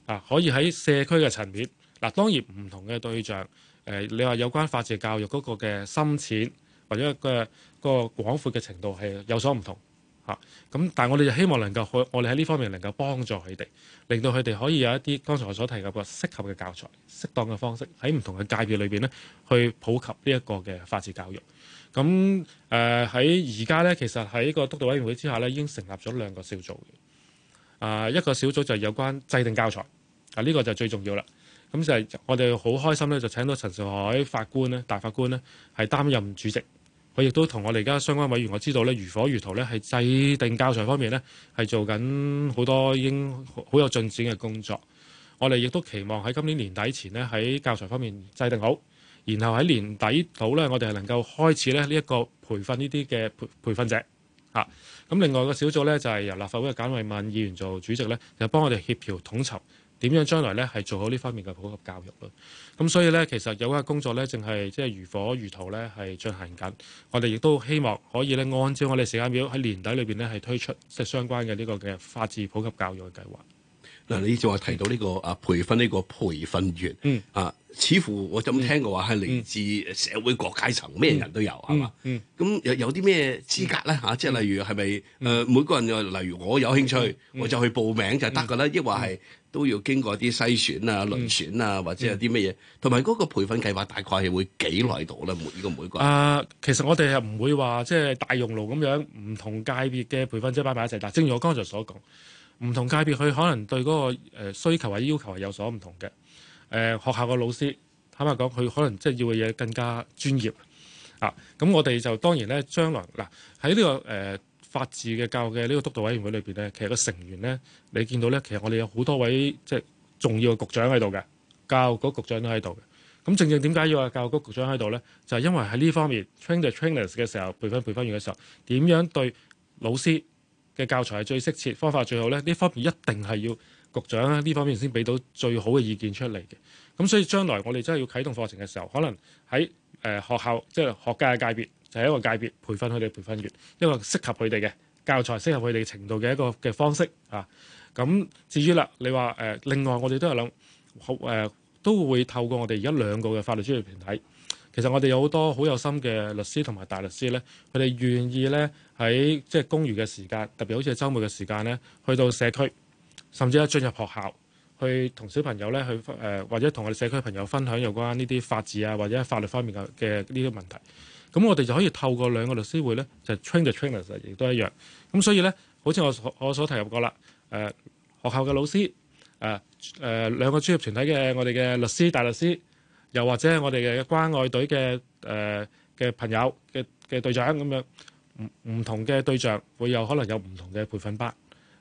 啊，可以喺社區嘅層面。嗱、啊，當然唔同嘅對象，誒、啊，你話有關法治教育嗰個嘅深淺，或者一、嗰個、嗰個廣闊嘅程度係有所唔同。嚇！咁、嗯、但係我哋就希望能夠去，我哋喺呢方面能夠幫助佢哋，令到佢哋可以有一啲，剛才我所提及個適合嘅教材、適當嘅方式，喺唔同嘅界別裏邊呢去普及呢一個嘅法治教育。咁誒喺而家呢，其實喺個督導委員會之下呢，已經成立咗兩個小組嘅。啊、呃，一個小組就有關制定教材，啊呢、這個就最重要啦。咁、嗯、就係、是、我哋好開心呢，就請到陳兆海法官咧，大法官呢係擔任主席。我亦都同我哋而家相關委員，我知道呢，如火如荼呢，係制定教材方面呢，係做緊好多已經好有進展嘅工作。我哋亦都期望喺今年年底前呢，喺教材方面制定好，然後喺年底到呢，我哋係能夠開始呢呢一、這個培訓呢啲嘅培培訓者嚇。咁、啊、另外個小組呢，就係、是、由立法會嘅簡慧敏議員做主席呢，就幫我哋協調統籌。點樣將來咧係做好呢方面嘅普及教育咯？咁所以咧，其實有一個工作咧，正係即係如火如荼咧係進行緊。我哋亦都希望可以咧按照我哋時間表喺年底裏邊咧係推出即係相關嘅呢個嘅法治普及教育嘅計劃。嗱，你正話提到呢個啊培訓呢個培訓員啊，似乎我咁聽嘅話係嚟自社會各階層，咩人都有係嘛？咁有有啲咩資格咧嚇？即係例如係咪誒每個人又例如我有興趣，我就去報名就得嘅啦，抑或係都要經過啲篩選啊、遴選啊，或者有啲乜嘢？同埋嗰個培訓計劃大概係會幾耐度咧？每呢個每個啊，其實我哋係唔會話即係大熔爐咁樣唔同界別嘅培訓即係擺埋一齊。嗱，正如我剛才所講。唔同界別佢可能對嗰個需求或者要求係有所唔同嘅。誒、呃、學校個老師坦白講，佢可能即係要嘅嘢更加專業啊。咁我哋就當然咧，將來嗱喺呢個誒、呃、法治嘅教育嘅呢個督導委員會裏邊咧，其實個成員咧，你見到咧，其實我哋有好多位即係重要嘅局長喺度嘅，教育局局長都喺度嘅。咁正正點解要話教育局局長喺度咧？就係、是、因為喺呢方面 train the trainers 嘅時候，培訓培訓員嘅時候，點樣對老師，嘅教材係最適切，方法最好咧，呢方面一定係要局長咧，呢方面先俾到最好嘅意見出嚟嘅。咁所以將來我哋真係要啟動課程嘅時候，可能喺誒、呃、學校即係學界嘅界別，就係、是、一個界別培訓佢哋培訓員，一個適合佢哋嘅教材，適合佢哋程度嘅一個嘅方式啊。咁至於啦，你話誒、呃，另外我哋都有諗好誒，都會透過我哋而家兩個嘅法律專業團體，其實我哋有好多好有心嘅律師同埋大律師咧，佢哋願意咧。喺即係公餘嘅時間，特別好似係週末嘅時間咧，去到社區，甚至咧進入學校去同小朋友咧去誒、呃，或者同我哋社區朋友分享有關呢啲法治啊，或者法律方面嘅嘅呢啲問題。咁我哋就可以透過兩個律師會咧，就係 train the trainers 亦都一樣。咁所以咧，好似我我所提及過啦，誒、呃、學校嘅老師，誒、呃、誒、呃、兩個專業團體嘅我哋嘅律師大律師，又或者係我哋嘅關愛隊嘅誒嘅朋友嘅嘅隊長咁樣。唔同嘅對象會有可能有唔同嘅培訓班，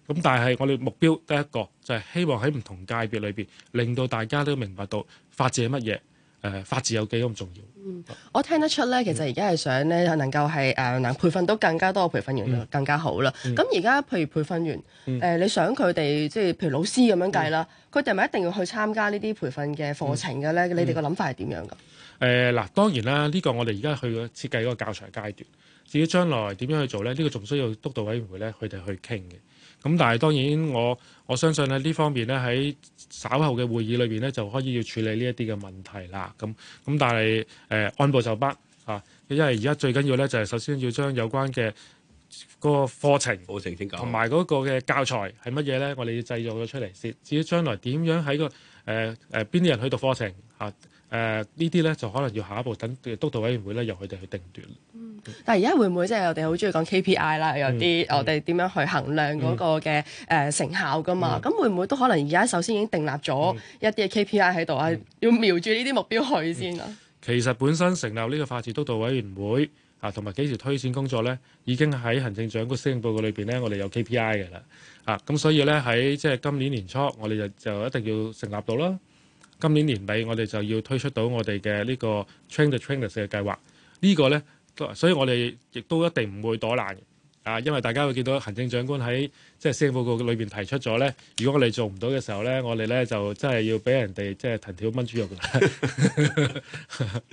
咁、嗯、但係我哋目標得一個就係、是、希望喺唔同界別裏邊，令到大家都明白到法治係乜嘢？誒、呃，法治有幾咁重要。嗯，我聽得出咧，其實而家係想咧，能夠係誒、能、呃、培訓到更加多嘅培訓員更加好啦。咁而家譬如培訓員，誒、呃，你想佢哋即係譬如老師咁樣計啦，佢哋係咪一定要去參加呢啲培訓嘅課程嘅咧？嗯嗯、你哋個諗法係點樣噶？誒，嗱，當然啦，呢、這個我哋而家去設計嗰個教材階段。至於將來點樣去做呢？呢、呢個仲需要督導委員會呢，佢哋去傾嘅。咁但係當然我，我我相信呢呢方面呢，喺稍後嘅會議裏邊呢，就可以要處理呢一啲嘅問題啦。咁咁但係誒、呃、按部就班啊，因為而家最緊要呢，就係首先要將有關嘅個課程同埋嗰個嘅教材係乜嘢呢？我哋要製造咗出嚟先。至於將來點樣喺個誒誒邊啲人去讀課程啊？誒、呃、呢啲咧就可能要下一步等督導委員會咧由佢哋去定奪、嗯。但係而家會唔會即係、就是、我哋好鍾意講 KPI 啦？嗯、有啲我哋點樣去衡量嗰個嘅誒成效㗎嘛？咁、嗯、會唔會都可能而家首先已經訂立咗一啲嘅 KPI 喺度啊？要瞄住呢啲目標去先啊、嗯嗯？其實本身成立呢個法治督導委員會啊，同埋幾時推展工作咧，已經喺行政長官施政報告裏邊咧，我哋有 KPI 嘅啦。啊，咁所以咧喺即係今年年初，我哋就就一定要成立到囉。今年年底我哋就要推出到我哋嘅呢個 train the trainers 嘅計劃，這個、呢個咧，所以我哋亦都一定唔會躲懶啊，因為大家會見到行政長官喺即係施政報告裏邊提出咗呢，如果我哋做唔到嘅時候呢，我哋呢就真係要俾人哋即係藤條炆豬肉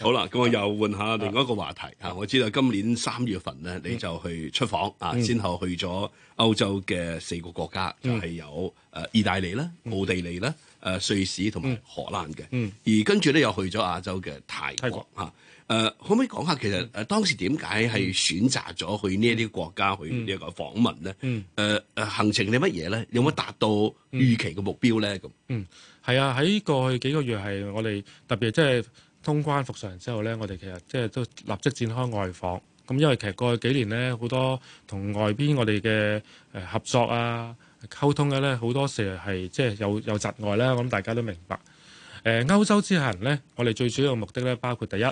好啦，咁我又換下另一個話題嚇。我知道今年三月份咧，你就去出訪啊，先後去咗歐洲嘅四個國家，就係有誒意大利啦、奧地利啦、誒瑞士同埋荷蘭嘅。嗯，而跟住咧又去咗亞洲嘅泰國嚇。誒，可唔可以講下其實誒當時點解係選擇咗去呢一啲國家去呢一個訪問咧？嗯，誒誒行程你乜嘢咧？有冇達到預期嘅目標咧？咁嗯，係啊，喺過去幾個月係我哋特別即係。通關復常之後咧，我哋其實即係都立即展開外訪。咁因為其實過去幾年咧，好多同外邊我哋嘅誒合作啊、溝通嘅咧，好多時係即係有有窒礙啦。我諗大家都明白。誒、呃、歐洲之行咧，我哋最主要嘅目的咧，包括第一，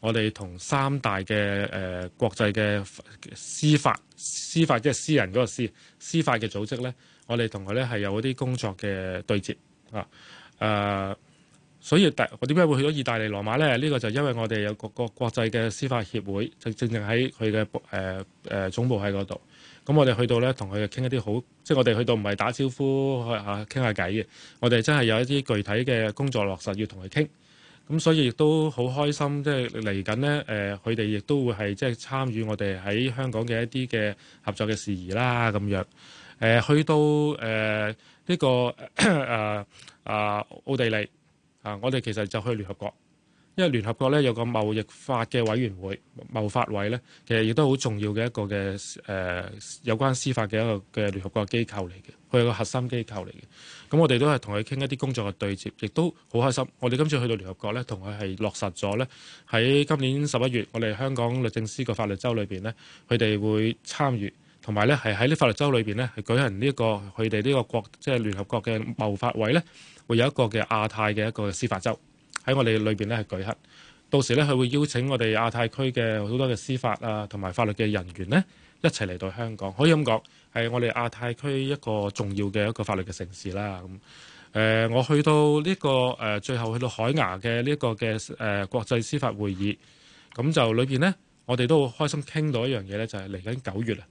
我哋同三大嘅誒、呃、國際嘅司法司法即係私人嗰個司司法嘅組織咧，我哋同佢咧係有啲工作嘅對接啊誒。呃所以大我點解會去到意大利羅馬呢？呢、呢個就因為我哋有個個國際嘅司法協會，正正喺佢嘅誒誒總部喺嗰度。咁我哋去到呢，同佢傾一啲好，即係我哋去到唔係打招呼、傾下偈嘅，我哋真係有一啲具體嘅工作落實要同佢傾。咁所以亦都好開心，即係嚟緊呢，誒、呃，佢哋亦都會係即係參與我哋喺香港嘅一啲嘅合作嘅事宜啦咁樣。誒、呃、去到誒呢、呃呢個誒啊奧地利。啊！我哋其實就去聯合國，因為聯合國咧有個貿易法嘅委員會，貿法委呢其實亦都好重要嘅一個嘅誒、呃、有關司法嘅一個嘅聯合國機構嚟嘅，佢係個核心機構嚟嘅。咁、嗯、我哋都係同佢傾一啲工作嘅對接，亦都好開心。我哋今次去到聯合國呢，同佢係落實咗呢。喺今年十一月，我哋香港律政司嘅法律周裏邊呢，佢哋會參與，同埋呢係喺呢法律周裏邊呢係舉行呢、這、一個佢哋呢個國即係聯合國嘅貿法委呢。會有一個嘅亞太嘅一個司法周喺我哋裏邊呢係舉行。到時呢，佢會邀請我哋亞太區嘅好多嘅司法啊，同埋法律嘅人員呢，一齊嚟到香港。可以咁講係我哋亞太區一個重要嘅一個法律嘅城市啦。咁、嗯、誒、呃，我去到呢、這個誒、呃、最後去到海牙嘅呢個嘅誒、呃、國際司法會議咁、嗯、就裏邊呢，我哋都好開心傾到一樣嘢呢，就係嚟緊九月啊！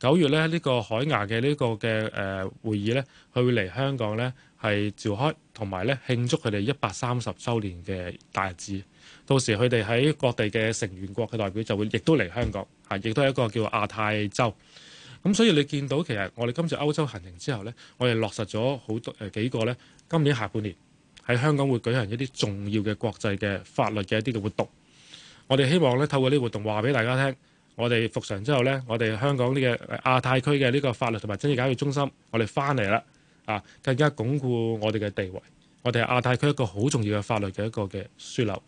九月呢，呢、這個海牙嘅呢個嘅誒、呃、會議呢，佢會嚟香港呢。係召開，同埋咧慶祝佢哋一百三十週年嘅大日子。到時佢哋喺各地嘅成員國嘅代表就會亦都嚟香港，嚇，亦都係一個叫亞太洲。咁、嗯、所以你見到其實我哋今次歐洲行程之後呢，我哋落實咗好多誒、呃、幾個呢今年下半年喺香港會舉行一啲重要嘅國際嘅法律嘅一啲嘅活動。我哋希望呢透過呢個活動話俾大家聽，我哋復常之後呢，我哋香港呢個亞太區嘅呢個法律同埋爭議解決中心，我哋翻嚟啦。啊！更加鞏固我哋嘅地位，我哋係亞太區一個好重要嘅法律嘅一個嘅樞紐。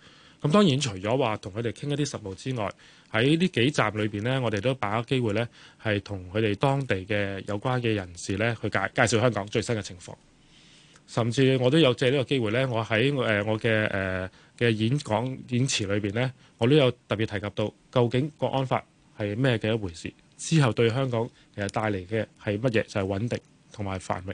咁當然除咗話同佢哋傾一啲實務之外，喺呢幾站裏邊呢，我哋都把握機會呢，係同佢哋當地嘅有關嘅人士呢，去介介紹香港最新嘅情況。甚至我都有借呢個機會呢，我喺誒、呃、我嘅誒嘅演講演詞裏邊呢，我都有特別提及到究竟國安法係咩嘅一回事，之後對香港其實帶嚟嘅係乜嘢？就係、是、穩定同埋繁榮。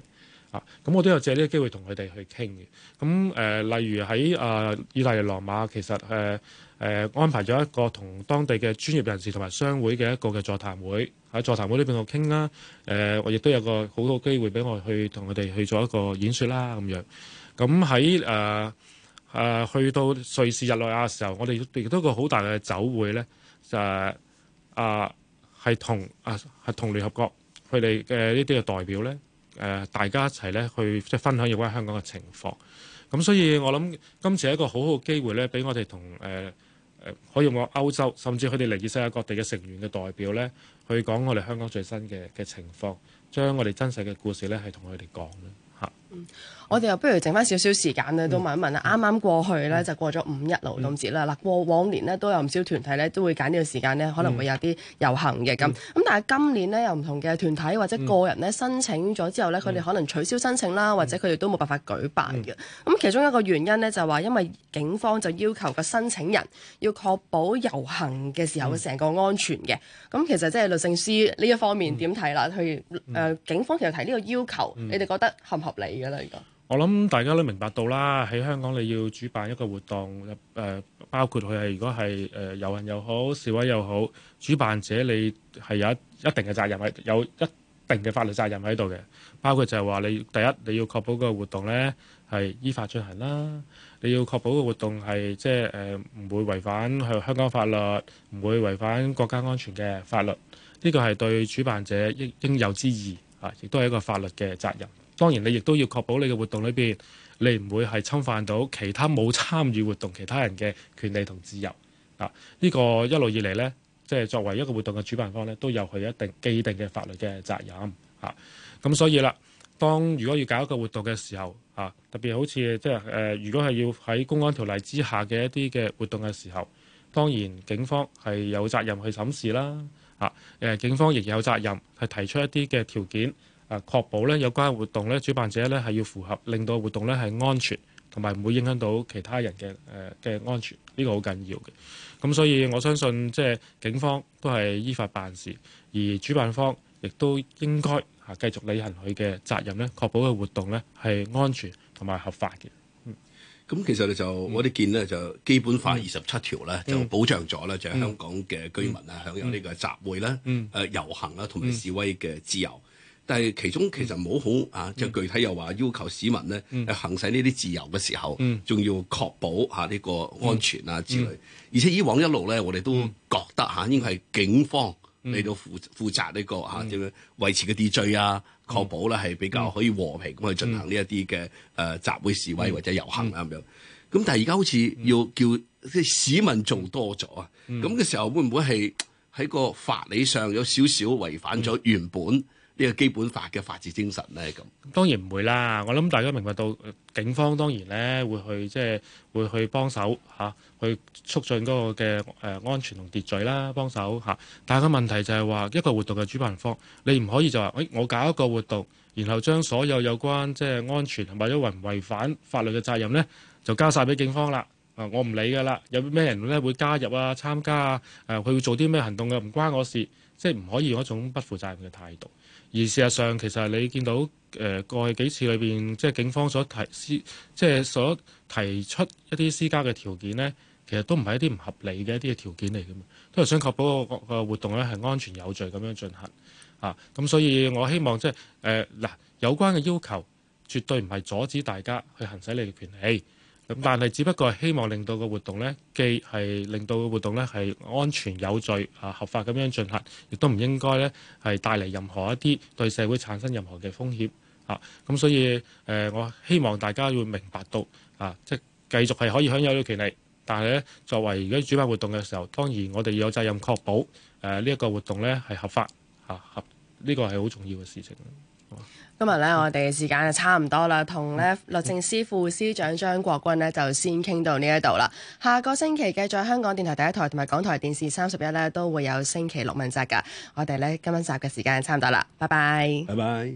啊！咁我都有借呢個機會同佢哋去傾嘅。咁誒、呃，例如喺誒，意大利羅馬，其實誒誒、呃呃、安排咗一個同當地嘅專業人士同埋商會嘅一個嘅座談會，喺座談會呢邊度傾啦。誒、呃，我亦都有個好多嘅機會俾我去同佢哋去做一個演說啦咁樣。咁喺誒誒去到瑞士日內瓦嘅時候，我哋亦都個好大嘅酒會咧，就、呃、啊係同啊係同聯合國佢哋嘅呢啲嘅代表咧。呢誒、呃、大家一齊咧去即係分享有關香港嘅情況，咁、嗯、所以我諗今次係一個好好嘅機會咧，俾我哋同誒誒可以用個歐洲甚至佢哋嚟自世界各地嘅成員嘅代表咧，去講我哋香港最新嘅嘅情況，將我哋真實嘅故事咧係同佢哋講啦。嗯、我哋又不如剩翻少少時間咧，都問一問啦。啱啱、嗯、過去咧、嗯、就過咗五一勞動節啦。嗱、嗯，過往年呢，都有唔少團體咧都會揀呢個時間咧，可能會有啲遊行嘅咁。咁、嗯、但係今年呢，有唔同嘅團體或者個人咧申請咗之後咧，佢哋可能取消申請啦，或者佢哋都冇辦法舉辦嘅。咁、嗯、其中一個原因咧就話，因為警方就要求個申請人要確保遊行嘅時候嘅成個安全嘅。咁、嗯嗯、其實即係律政司呢一方面點睇啦？譬如誒，警方其實提呢個要求，你哋覺得合唔合理？而家我諗大家都明白到啦。喺香港，你要主辦一個活動，誒、呃，包括佢係如果係誒、呃、遊行又好，示威又好，主辦者你係有，有一定嘅責任，係有一定嘅法律責任喺度嘅。包括就係話你第一，你要確保個活動呢係依法進行啦。你要確保個活動係即係誒唔會違反香港法律，唔會違反國家安全嘅法律。呢、這個係對主辦者應應有之義啊，亦都係一個法律嘅責任。當然你你，你亦都要確保你嘅活動裏邊，你唔會係侵犯到其他冇參與活動其他人嘅權利同自由。啊，呢、這個一路以嚟呢，即係作為一個活動嘅主辦方呢，都有佢一定既定嘅法律嘅責任。嚇、啊，咁所以啦，當如果要搞一個活動嘅時候，嚇、啊、特別好似即係誒，如果係要喺公安條例之下嘅一啲嘅活動嘅時候，當然警方係有責任去審視啦。嚇、啊，誒、啊、警方亦有責任去提出一啲嘅條件。誒、啊、確保咧有關活動咧，主辦者咧係要符合，令到活動咧係安全，同埋唔會影響到其他人嘅誒嘅安全，呢、這個好緊要嘅。咁所以我相信即係警方都係依法辦事，而主辦方亦都應該嚇繼續履行佢嘅責任咧，確、呃、保嘅活動咧係安全同埋合法嘅。咁其實就我哋見呢就《基本法》二十七條咧就保障咗咧，就係、香港嘅居民啊享有呢個集會啦、誒遊、嗯嗯嗯嗯呃、行啦同埋示威嘅自由。但係其中其實唔好、嗯、啊，即、就、係、是、具體又話要求市民咧，嗯、行使呢啲自由嘅時候，仲、嗯、要確保嚇呢、啊這個安全啊、嗯、之類。而且以往一路咧，我哋都覺得嚇、啊、應該係警方嚟到負負責呢、這個嚇點樣維持個秩序啊，確保咧係比較可以和平咁去進行呢一啲嘅誒集會示威或者遊行啦、啊、咁樣。咁、啊、但係而家好似要叫啲市民做多咗啊，咁嘅、嗯、時候會唔會係喺個法理上有少少違反咗原本呢個基本法嘅法治精神咧，咁當然唔會啦。我諗大家明白到，警方當然咧會去即係、就是、會去幫手嚇，去促進嗰個嘅誒、呃、安全同秩序啦，幫手嚇。但係個問題就係話，一個活動嘅主辦方，你唔可以就話：「誒我搞一個活動，然後將所有有關即係、就是、安全同或者違違反法律嘅責任咧，就交晒俾警方啦。啊，我唔理㗎啦。有咩人咧會加入啊、參加啊？誒、啊，佢會做啲咩行動嘅？唔關我事，即係唔可以用一種不負責任嘅態度。而事實上，其實你見到誒、呃、過去幾次裏邊，即係警方所提私，即係所提出一啲私家嘅條件呢，其實都唔係一啲唔合理嘅一啲嘅條件嚟嘅嘛，都係想確保個、呃這個活動咧係安全有序咁樣進行嚇。咁、啊、所以我希望即係誒嗱有關嘅要求，絕對唔係阻止大家去行使你嘅權利。咁但係，只不過係希望令到個活動呢，既係令到個活動呢係安全有序啊合法咁樣進行，亦都唔應該呢係帶嚟任何一啲對社會產生任何嘅風險啊！咁所以誒、呃，我希望大家會明白到啊，即係繼續係可以享有呢個權利，但係呢，作為而家主辦活動嘅時候，當然我哋要有責任確保誒呢一個活動呢係合法嚇、啊、合，呢、這個係好重要嘅事情。今日咧，嗯、我哋嘅時間就差唔多啦。同咧、嗯、律政司副司長張國鈞咧，就先傾到呢一度啦。下個星期繼續喺香港電台第一台同埋港台電視三十一咧，都會有星期六問責噶。我哋咧今晚集嘅時間差唔多啦，拜拜。拜拜。